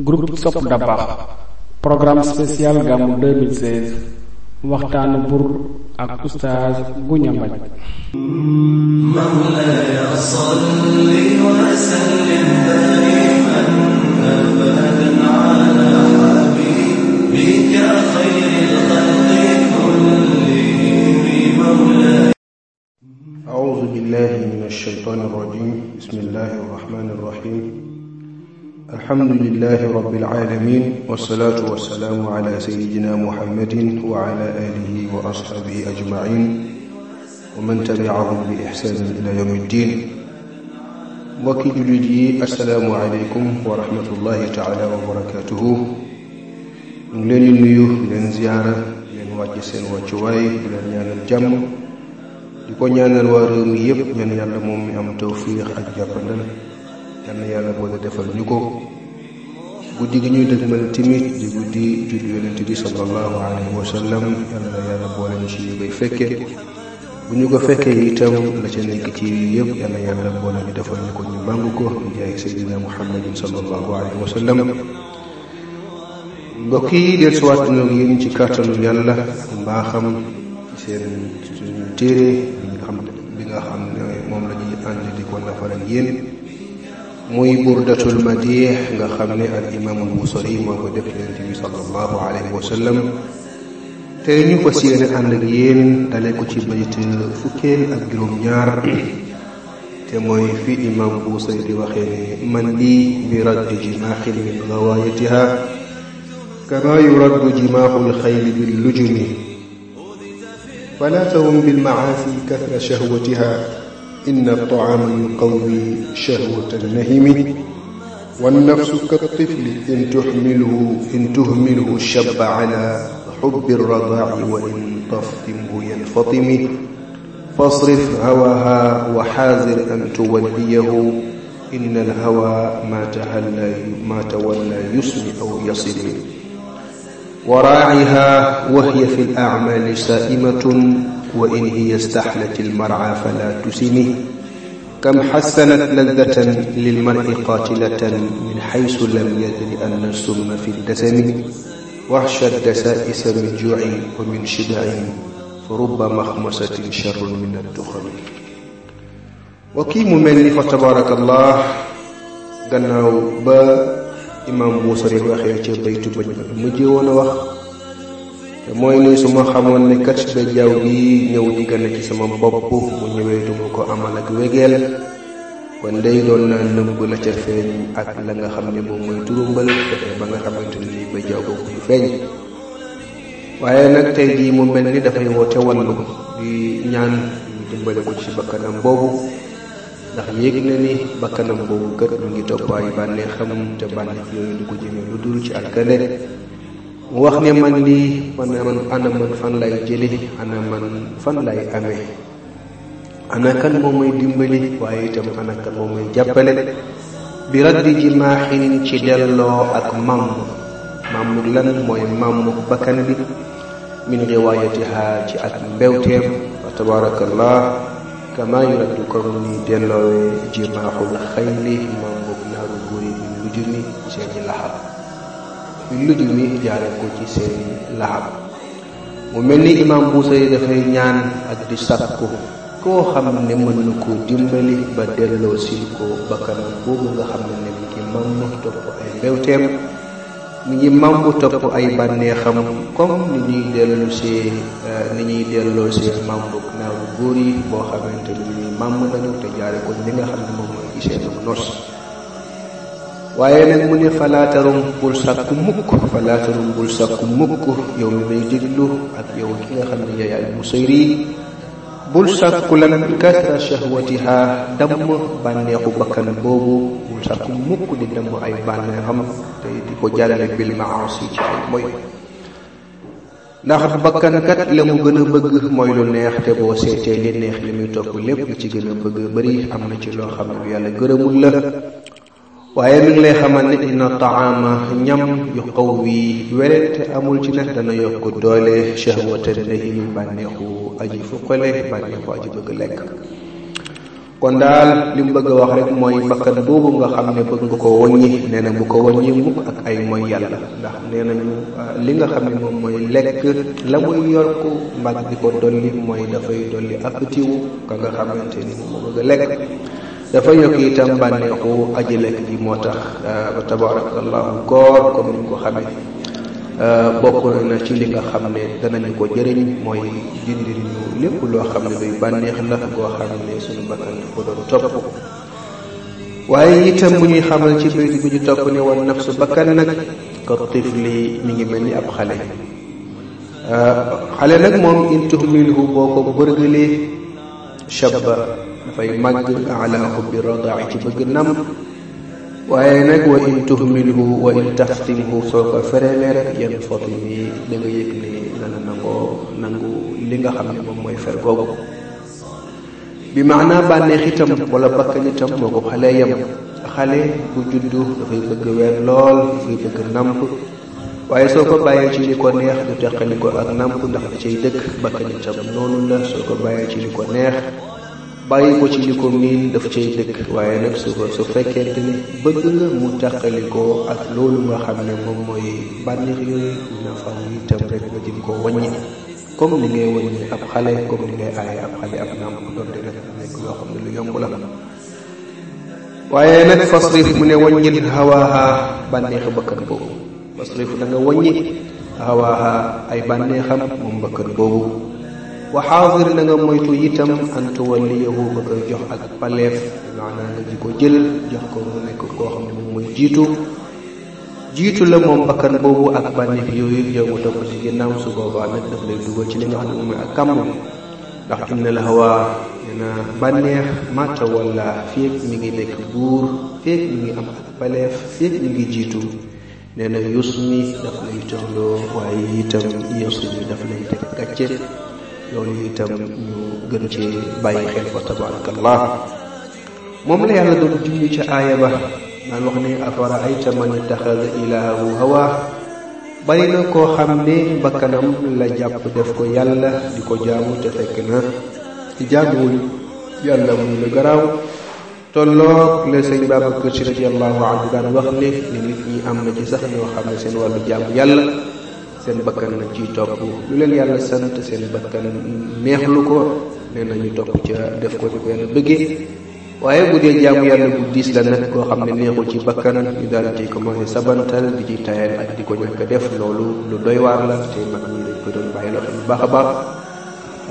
groupe sopp da programme spécial gàmmu waxtaanu bur ak oustaz Gounia Mbaj mawlaya salli wa sallim daiman abadan ala habibika xayr من الشيطان الرجيم بسم الله الرحمن الرحيم الحمد لله رب العالمين والصلاة والسلام على سيدنا محمد وعلى آله وأصحابه أجمعين ومن تبعهم بإحسان إلى يوم الدين mbokki jullit yi asalaamu aleykum wa rahmatullahi taala wa barakaatuhu ñu ngi leen di nuyu di leen ziyaara di leen wàcc seen wàccuwaay di leen ñaanal jàmm di ko ñaanal waa réew mi yëpp yàlla moom mi am tawfiix ak jàppandal ñaan yàlla boole defal ñu ko guddi gi ñuy dëgmal timit di guddi judd yonent bi sallallahu alayhi wa sallam yàlla boole ñu si ñu koy fekkee bu ko fekkee itam la ca nekk ci yëpp yàlla yàlla boole ko ñu màng ko di jaay sayyidina muhammadin sallallahu alayhi wa sallam mbokk yi del ci kàttanu yàlla mbaaxam seen téere bi nga xam bi la te ñu fas yéene ànd yéen dale ko ci bayt fukkeel ak juróom-ñaar te mooy fi imam busori di waxee ne man lii bi raddi jimaaxin min gawaayatiha kama yuraddu jimaahul xayli bil lujumi فلا تهم بالمعاصي كثر شهوتها إن الطعام يقوي شهوة النهم والنفس كالطفل إن تحمله إن تهمله شب على حب الرضاع وإن تفطمه ينفطم فاصرف هواها وحاذر أن توليه إن الهوى ما تولى يسمع أو يصل wa raaciha wahya fi lacmaali saa'imatun wa in hiya staxlati lmarca fala tusimi kam xasanat ladatan lilmari qaatilatan min xaysu lam yadri anna summa fi dasami waxsha dasaa'isa min juucin wa min shibacin fa rubba maxmasatin charrun min adduxami wa kii mu mel ni fa tabaarakallah gannaaw ba imaam Muusa di waxee ca baytu bëj ba mujjee woon a wax te mooy ni su ma xamoon ne kat ba jaww gi ñëw di gën a ci sama bopp mu ñëwee duma ko amal ak wegeel kon day doon naa nëbb la ca feeñ ak la nga xam ne moom mooy turumbal fexe ba nga xamante ni ba jaww boobu du feeñ waaye nag tey jii mu mel ni dafay woote wallu di ñaan ñu dimbale ci bakkanam boobu ndax yéeg na ni bakkanam boobu kët mu ngi topp ay bànneexam te bànneex yooyu du ko jëme lu dul ci alkane mu wax ne man lii man man ana man fan lay jële ana man fan lay amee ana kan moo may dimbali waaye itam ana kan moo may jàppale bi raddi ji maaxin ci delloo ak mamm mamm lan mooy mamm bakkan bi min riwaayatiha ci ak mbewteem wa tabarakallah kama yuradu comme ni delloowee jimaaxul xayli moom boog naaru góor yi lu jumi seeni laxab lu jumi jaare ko ci seeni laxab mu mel ni imaam buusa dafay ñaan ak di sàkku koo xam ne mën na koo dimbali ba delloo si ko bakkanam boobu nga xam ne ne mi ngi mam topp ay mbewteem mi ngi mambu topp ay bànneexam comme ni ñuy dellu see euh, ni ñuy delloo see mambu naaw góor yi boo xamante ni ñuy mamb lañu te jaare ko li nga xam ne moom mooy gisee nu nos waaye nag mu ne falaatarum bul sàkku mukk falaatarum bul sàkku mukk yow mi may déglu ak yow ki nga xam ne yaay musayri bul sàkku lan kasra shahwatiha damm bànneexu bakkan boobu bul sàkku mukk di damm ay bànneexam te di ko jàllale bil maasi ci ay moy ndax bakkankat la mu gën a bëgg mooy lu neex te boo seetee li neex li muy topp lépp ci gën bëgg bëri am na ci loo xam ne yàlla gërëmul la waaye mi ngi lay xamal ne inna taama ñam yu xaw wi werente amul ci ne dana yokk doole shahwatan nahim bànneexu aji fuqale bànneexu aji bëgg lekk kon daal li mu bëgg a wax rek mooy bakkan boobu nga xam ne bëgg nga ko wàññi nee na ko wàññi mukk ak ay mooy yàlla ndax nee nañu euh, li nga xam ne moom mooy lekk la muy yorku mbag di ko dolli mooy dafay dolli appétit ka nga xamante ni mu bëgg lekk dafa yokk itam bànneexu aji lekk moo tax euh, tabarakallahu koor comme ni ñu ko xamee euh, bokk na ci li nga xam ne danañu ko jëriñ mooy dindi ñu lépp loo xam ne luy bànneex la goo xam ne suñu bakkan ko doon topp waaye itam bu ñuy xamal ci bayt bi ñu topp ne woon nafsu bakkan nag ko tifli mi ngi mel ni ab xale euh, xale nag moom in tuhmilhu boo ko bërgalee shabba dafay màgg ala xubbi radaa'i ci bëgg nam waaye nag wa in tuhmilhu wa in taxtimhu soo ko fereelee rek yenn foto yi da yëg ni dana nangu li nga xam ne moom mooy fer googu bi maanaa bànneex itam wala bakkan moo ko xale yem xale bu juddu dafay bëgg weer lool dafay bëgg namp waaye soo ko bàyyee ci li ko neex du teqali ak namp ndax da cay dëkk bakkan noonu la soo ko bàyyee ci li ko neex bàyyi ko ci li ko miin daf cay dëkk waaye nag su su fekkente ne bëgg nga mu tàqalikoo ak loolu nga xam ne moom mooy bànneex yooyu fa faw itam rek nga jëm koo wàññi comme ni ngay wàññi ab xale comme ni ngay aaye ab xale ab nàmp donte nag nekk loo xam ne lu yomb la waaye nag fasrif mu ne wàññil hawaaha bànneexu bakkan boobu fasrif da nga wàññi hawaaha ay bànneexam moom bakkan boobu wa xaadir na nga moytu itam an tuwalliyahu ba koy jox ak paleef maanaam nga ji ko jël jox ko mu nekk koo xam ne moom mooy jiitu jiitu la moom bakkan boobu ak bànneef yooyu joomu topp ci ginnaaw su boobaa nag daf lay dugal ci li nga xam ne moom mooy ak kàmm ndax inna al hawa nee bànneex màtta walla féeg mi ngi nekk buur féeg mi ngi am ak paleef féeg mi ngi jiitu nee na yus mi daf lay tolloo waaye itam yus mi daf lay teg gàcce loolu itam ñu gën ci bàyyi xel fa tabarakallah moom la yàlla doon junj ca aaya ba naan wax ne afara ayta man ittaxada ilaahu hawa bari na koo xam ne bakkanam la jàpp def ko yàlla di ko jaamu te fekk na jaamuwul yàlla muy lu garaaw tolloog la sëñ Babacar Si radiyallahu anhu daan wax ne ne nit ñi am na ci sax ñoo xam ne seen wàllu jaamu yàlla seen bakkan nag ciy topp lu leen yàlla sant seen bakkan neexlu ko nee nañu topp ca def ko ni ko yàlla bëggee waaye bu dee jaamu yàlla bu diis la nag koo xam ne neexul ci bakkan ñu daal ciy commencé sabantal di ci tayal ak di ko ñàkk def loolu lu doy waar la te mag ñi dañ ko doon bàyyi la bu baax a baax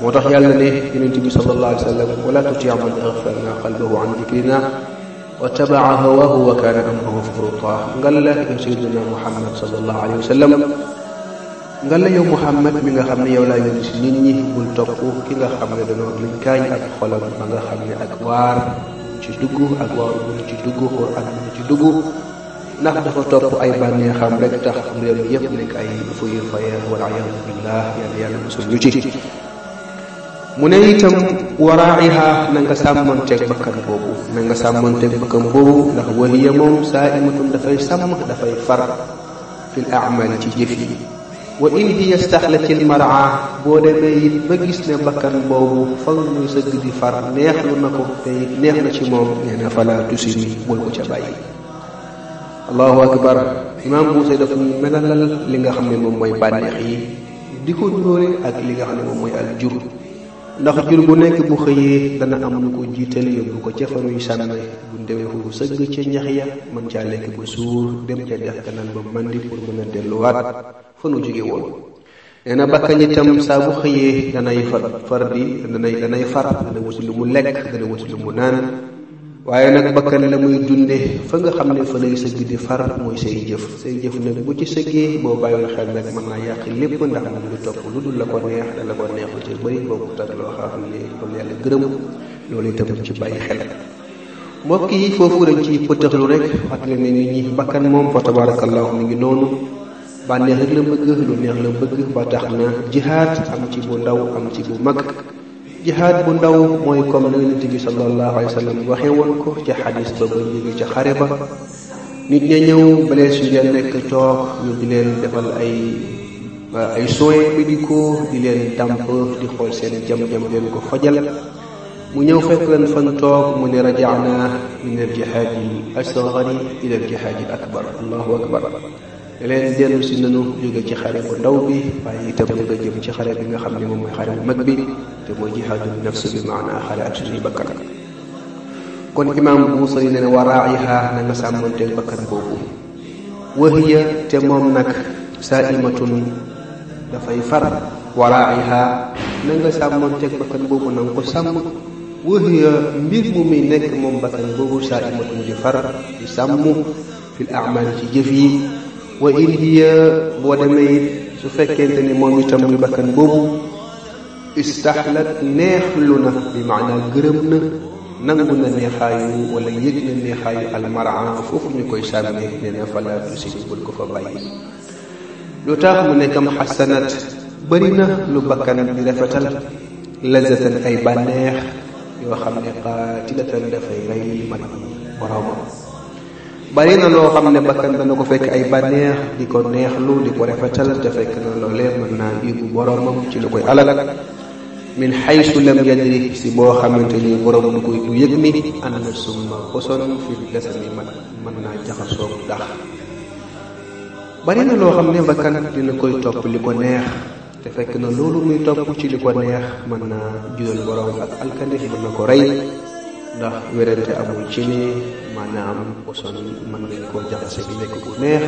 moo tax yàlla ne yonente bi sallallahu alayhi wa sallam wala tuti man aghfalna qalbahu an dhikrina wa tabaa hawahu wa kaana a furuta ngal la Seydina Muhammad sallallahu alayhi wa nga la yow Muhammad mi nga xam ne yow laa yónni si nit ñi bul topp ki nga xam ne dañoo luñ kaañ ak xolam ba nga xam ne ak waar ci dugg ak waaru buñ ci dugg xor ak buñ ci dugg ndax dafa topp rek tax réew yépp nekk ay fuyu faya wala mu ne itam waraayiha na nga sàmmonteeg bakkan boobu na nga sàmmonteeg bakkan boobu ndax waliya moom saa imatum dafay sàmm dafay far fil amali ci jëf yi wa in hiya staxlatil maraa boo demee it ba gis ne bakkan boobu fa muy sëgg di far neexlu na ko te it neex na ci moom nee na fala tusi bi bul ko ca bàyyi allahu akbar imaam Buuse dafa ñu melalal li nga xam ne moom mooy bànneex yi di ko juróole ak li nga xam ne moom mooy al jur ndax jur bu nekk bu xëyee dana am nu ko jiital yóbbu ko ca fanuy sànne bu demee foofu sëgg ca ñax ya mën caa lekk ba suur dem ca dex kanaan ba mandi pour mën a delluwaat fa nu jóge woon nee na bakkan itam saa bu xëyee danay far far di danay danay far dana wuti lu mu lekk dana wuti lu mu naan waaye nag bakkan la muy dunde fa nga xam ne fa lay sëgg di far mooy say jëf say jëf nag bu ci sëggee boo bàyyiwul xel nag mën naa yàq lépp ndax mu ngi topp lu dul la ko neex da la ko neexu ci bëri boobu tak loo xam ne loolu yàlla gërëm loolu itam ci bàyyi xel mbokk yi foofu dañ ci pëtëxlu rek wax ne nit ñi bakkan moom fa tabarakallahu mi ngi noonu bànneex rek la bëgg lu neex la bëgg ba tax na jihaad am ci bu ndaw am ci bu mag jihaad bu ndaw mooy comme na yonent bi sallallahu alayhi ko ca xadis ba ca xare ba nit ña ñëw balee su ngeen nekk toog ay euh, ay soins médicaux di leen dàmp di xool seen jam-jam ko fajal mu ñëw fekk leen fan toog mu ne rajaana min al jihaadi asgari ila leen dellu si nanu jóge ci xare bu ndaw bi waaye itam ñu nga jëm ci xare bi nga xam ne moom mooy xare bu mag bi te mooy jihaadul nafs moom nag saa imatun dafay far waraayiha na nga sàmmanteel bakkan boobu na nga ko sàmm wahiya mbir mu muy nekk moom bakkan boobu saa imatun di far di sàmm fil amal ci jëf yi wa in hiya boo demee su fekkente ni moom itam muy bakkan boobu istaxlat neexlu na bi maanaa gërëm na nangu na neexaayu wala yëg na neexaayu almaraa foofu ñu koy sàmmee nee na fa laa tusik bul ko fa bàyyi lu tax mu nekkam xasanat bëri na lu bakkan di rafetal lazatan ay bànneex yoo xam ne qaatilatan dafay rey mat boroomam bari na loo xam ne bakkan dana ko fekk ay bànneex di ko neexlu di ko rafetal te fekk na loolee mën naa yóbbu boromam ci lu koy alal min xaysu lam yadri si boo xamante ni borom du koy du yëg mi ànd na summa poson fi desami mat mën naa jaxasoo dax bari na loo xam ne bakkan dina koy topp li ko neex te fekk na loolu muy topp ci li ko neex mën naa jural borom ak alkande mën na ko rey ndax wérante amul ci ni maanaam poson mën nañ koo jaxase bi lekk bu neex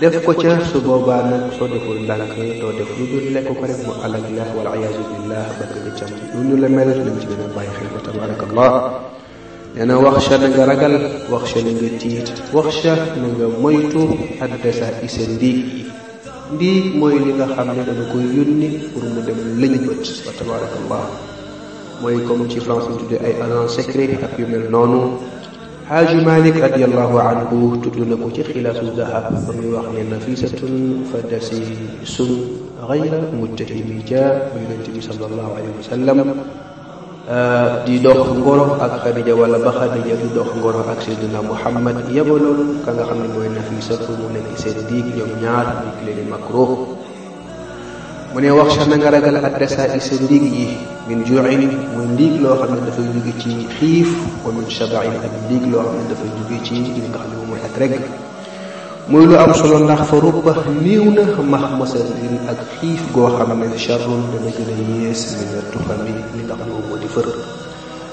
def ko ca su boobaa nag soo deful ndànk doo def lu dul lekk ko rek mu alak la wala ayasu billah ba nga lu ñu la mel nañ ci a na wax sa na nga ragal wax sa na nga tiit wax sa na nga moytu addasa isa ndiig ndiig mooy li nga xam ne dana koy yónni pour mu dem lëñbët ba mooy comme ci France ñu tuddee ay agent secret ak yu mel noonu xaaju malik radiallahu anhu tudd na ko ci xilaasu dahab ba muy wax ne nafisatun fa dasi sun gayra muttahimi ja bu yonente bi sallallahu alayhi wa sallam ah, di dox ngoro ak xadija wala ba xadija di dox ngoro ak seydina muhammad yabaloon ka nga xam ne mooy nafisatu mu nekk seen diig ñoom ñaar ñu leen makruh mu ne wax sax na nga ragal addasaa i sa ndiig yi min juin mooy ndiig loo xam ne dafay jóge ci xiif wa min shabain ak ndiig loo xam ne dafay jóge ci li nga xam ne mooy am solo ndax fa rubba néew na max masarin ak xiif goo xam ne a yées min tufami li nga xam ne moom moo di fër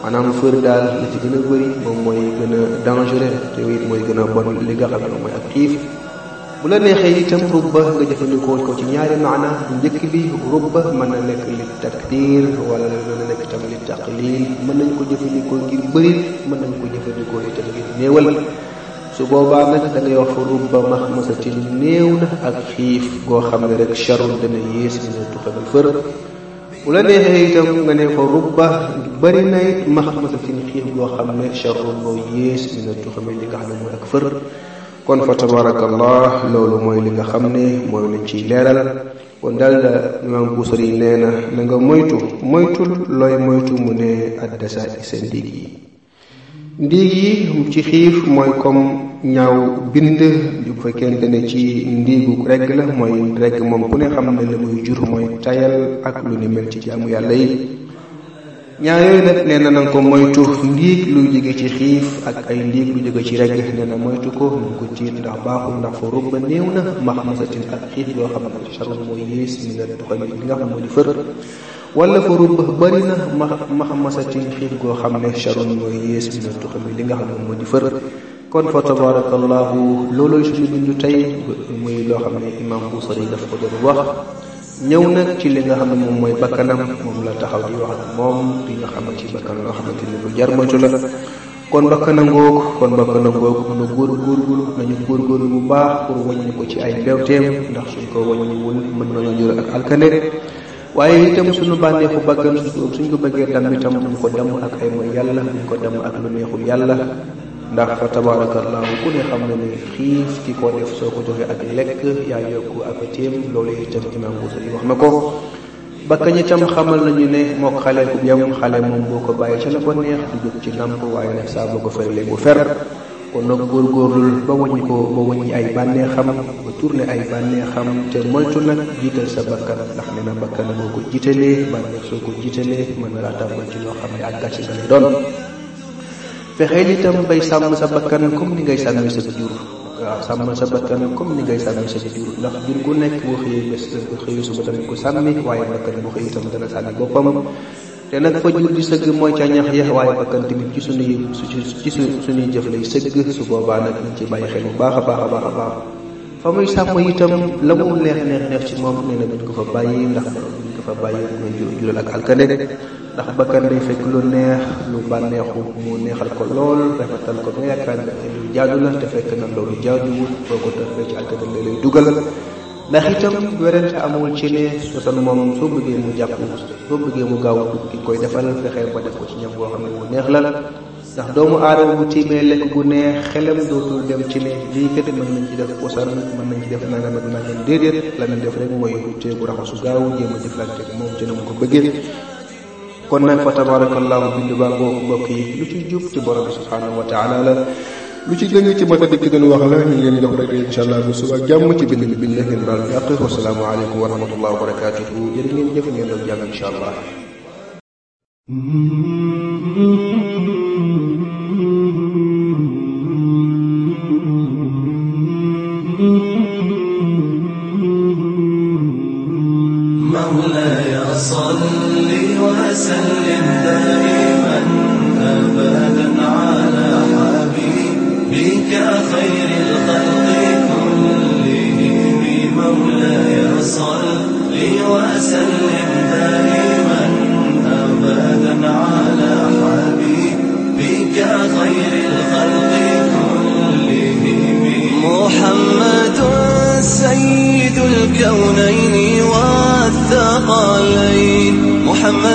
maanaam fër daal la ci gën a bëri moom mooy gën a dangereux te it mooy gën a bon li nga moom mooy ak xiif bu la neexee itam rubba nga jëfandikoo ko ci ñaari maana bu njëkk bi rubba mën na nekk li takdir wala mën na nekk itam li taqlil mën nañ ko jëfandikoo ngir bëri mën nañ ko jëfandikoo itam ngir néewal su boobaa nag da ngay wax rubba max masa ci néew na ak xiif goo xam ne rek charul dana yées dina tuxanal fër bu la neexee itam nga ne ko rubba bëri na it max masa ci xiif goo xam ne charul loo yées dina tuxanal li nga xam ne mooy ak fër kon fa tabarakallah loolu mooy li nga xam ne mooy luñ ciy leeral kon daal la imaam Busiri nee na na nga moytu moytul looy moytu mu ne addasaa i sa ndiig yi ndiig yi ci xiif mooy comme ñaaw bind bu fekkente ne ci ndiigu regg la mooy regg moom ku ne xam ne la muy jur mooy tayal ak lu ni mel ci jaamu yàlla yi ñaar yooyu nag nee na nanga ko moytu ndiig lu jóge ci xiif ak ay ndiig lu jóge ci regg nee na moytu ko nanga ko tiit ndax baaxul ndax fa rubba néew na max masatin ak xiif yoo xam ne charul mooy yées mi nga doxal li nga xam moo di fër wala fa rubba bëri na max max masatin xiif goo xam ne charul mooy yées mi nga xam moo di fër kon fa tabarakallahu loolooy suñu bindu tey muy loo xam ne imam Busiri daf ko doon wax ñëw nag ci li nga xam ne moom mooy bakkanam moom la taxaw di wax ak moom di nga xam ci bakkan loo xamante ni lu jar moytu la kon bakkanam googu kon bakkanam googu nu góorgóorlu nañu góorgóorlu bu baax pour wàññi ko ci ay mbewteem ndax suñ ko wàññiwul mën nañoo jur ak alkane waaye itam suñu bànneexu bakkan suñ ko bëggee damm itam buñ ko damm ak ay mooy yàlla buñ ko damm ak lu neexul yàlla ndax fa tabaarakallaahu ku ne xam na ni xiif ki ko def soo ko joxe ak lekk yaa yokku ak téem loolu itam imaam Buusiri wax na ko ba kañ itam xamal nañu ne mook xale ku yem xale moom boo ko bàyyi ca la ko neex di jóg ci nàmp waaye nag saa boo ko ferlee bu fer kon nag góorgóorlul ba wëñ ko ba wëññi ay bànneexam ba tourné ay bànneexam te moytu nag jiital sa bakkan ndax nee na bakkan boo ko jiitalee bànneex soo ko jiitalee mën na laa tàmbal ci loo xam ne ak gàcce nga fexeel itam bay sàmm sa bakkan comme ni ngay sàmmi sa jur waaw sàmm sa bakkan comme ni ngay sàmmi sa jur ndax jur gu nekk boo xëyee bés xëyu suba tamit ku sàmmi waaye bakkan bu xëy itam dana sàmmi boppam te nag fa jur di sëgg mooy ca ñax yax waaye bakkan tamit ci suñuy ci suñuy jëf lay sëgg su boobaa nag ñu ci bàyyi xel bu baax a baax a baax a baax fa muy sàmm itam la mu neex neex neex ci moom nee na duñ ko fa bàyyi ndax duñ ko fa bàyyi duñ ko jural ak alkande ndax bakkan day fekk lu neex lu bànneexu mu neexal ko lool rafetal ko nga yaakaar ne lu jaadu la te fekk na loolu jaaduwul boo ko defee ci alkande la dugal ndax itam werante amul ci ne sosan moom soo bëggee mu jàpp soo bëggee mu gaaw ki koy defal fexee ba def ko ci ñam boo xam ne mu neex la ndax doomu aadama bu tiimee lekk gu neex xelam dootul dem ci ne lii kat mën nañ ci def posan mën nañ def nangam la def rek mooy wuttee bu raxasu gaaw jéem a jëflante moom ci na mu ko bëggee kon nag fa tabarakallahu bindu baa ngoo mbokk yi lu ci jub ci borom bi subhaanahu wa taala la lu ci gën ci mat a dikk doon wax la ñu ngi leen jox rek incha suba jàmm ci bind bi bind ngeen baal ñu àq wasalaamu aleykum wa rahmatullah wa ngeen jëf ngeen doon jàng incha مولاي صل وسلم دائما أبدا على حبيبك خير الخلق كلهم مولاي صل وسلم دائما أبدا على حبيبك خير الخلق كلهم محمد سيد الكونين العين محمد